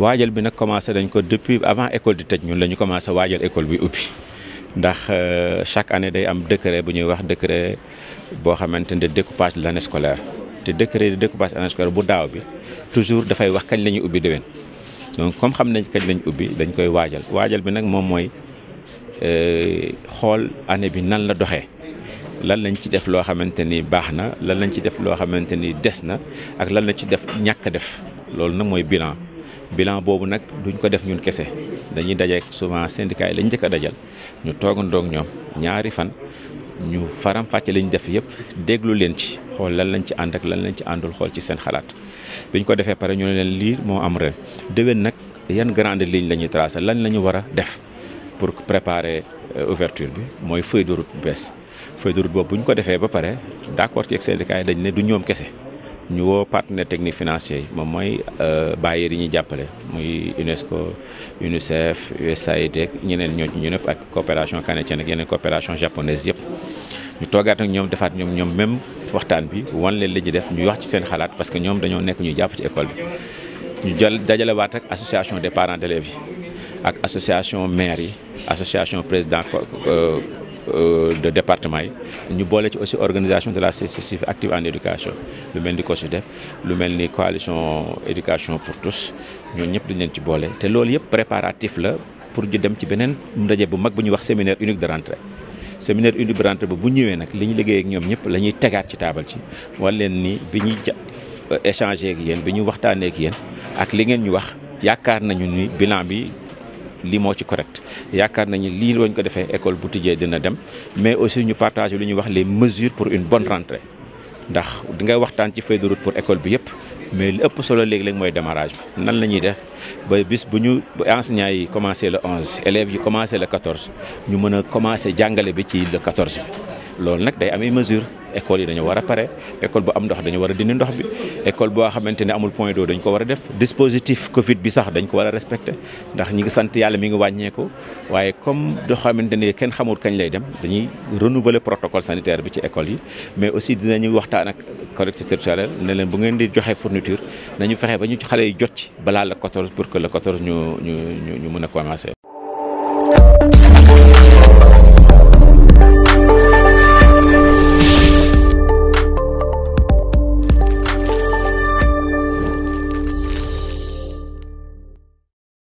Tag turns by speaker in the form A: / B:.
A: waajal bi nak commencé dañ ko depuis avant école de tëj ñun lañu commencé waajal école bi ubi ndax euh, chaque année day am décret bu ñuy wax décret bo xamantene découpage de l'année scolaire té décret de découpage de l'année scolaire bu daw bi toujours fay wax kañ lañu ubi dewen donc comme xam nañ kañ la ñu dañ koy waajal waajal bi mom moy euh xol année bi nan la doxé lan lañ ci def lo xamante ni baax lan lañ ci def lo xamante ni des ak lan la ci def ñak def lool nak moy bilan bilan boobu nag duñ ko def ñun kese dañuy dajeek souvent syndicat lañu lañ a dajal ñu toogandoog ñoom ñaari fan ñu faram fàcc lañu def yëpp déglu leen ci xool lan lañ ci ànd ak lan lañ ci àndul xool ci seen xalaat biñ ko defee pare ñu ne leen lii moo am ren déwén nag yan grande ligne la ñuy tracé lan la ñu war a def pour préparer euh, ouverture bi mooy feuille de route bu bees feuille boobu bu ñu ko defee ba pare d'accord ci ak syndicat yi dañ ne du ñoom kese. ñu woo partenaire technique financier yi moom mooy euh, bailleurs yi ñuy jàppale muy UNESCO UNICEF USAID ak ñeneen ñoo ci ñu nekk ak coopération canadienne ak yeneen coopération japonaise yëpp. ñu toogaat ak ñoom defaat ñoom ñoom même waxtaan bi wan leen li ñu def ñu wax ci seen xalaat parce que ñoom dañoo nekk ñu jàpp ci école bi ñu jël dajalewaat ak association des parents d'élèves yi ak association maires yi association président. Euh, Euh, de département yi ñu boole ci aussi organisation de la société active en éducation lu mel ni COSYDEP lu mel coalition éducation pour tous ñun ñep dañ leen ci bolé té lool yépp préparatif la pour ñu dem ci benen ndaje bu mag bu ñu wax séminaire unique de rentrée séminaire unique de rentrée bu ñëwee nag li ñu liggéey ak ñom ñep lañuy tégaat ci table ci wala leen ni bi euh, échanger ak yeen biñu waxtané ak yeen ak li ngeen ñu wax yaakaar nañu ni bilan bi. C'est correct. ci correct a des lii lañ ko defee école bu dina mais aussi nous partageons les mesures pour une bonne rentrée ndax di nga des ci de route pour l'école, mais li ëpp solo léegi-léeg démarrage Nous nan la ñuy def bis bu enseignants le 11 élèves yi le 14 nous avons commencé bi le 14 bi loolu nag day am mesures école yi dañoo war a pare école bu am ndox dañu war a dindi ndox bi école boo xamante ni amul point d'eau dañ ko war def dispositif Covid bi sax dañ ko war a respecté ndax ñi ngi sant yàlla mi ngi wàññeeku waaye comme doo xamante ni kenn xamul kañ lay dem dañuy renouveler protocole sanitaire bi ci école yi mais aussi dinañu waxtaan ak collectivité territoriale ne leen bu ngeen di joxe fourniture nañu fexe ba ñu xale yi jot ci balaa la 14 pour que la 14 ñu ñu ñu mën a commencé.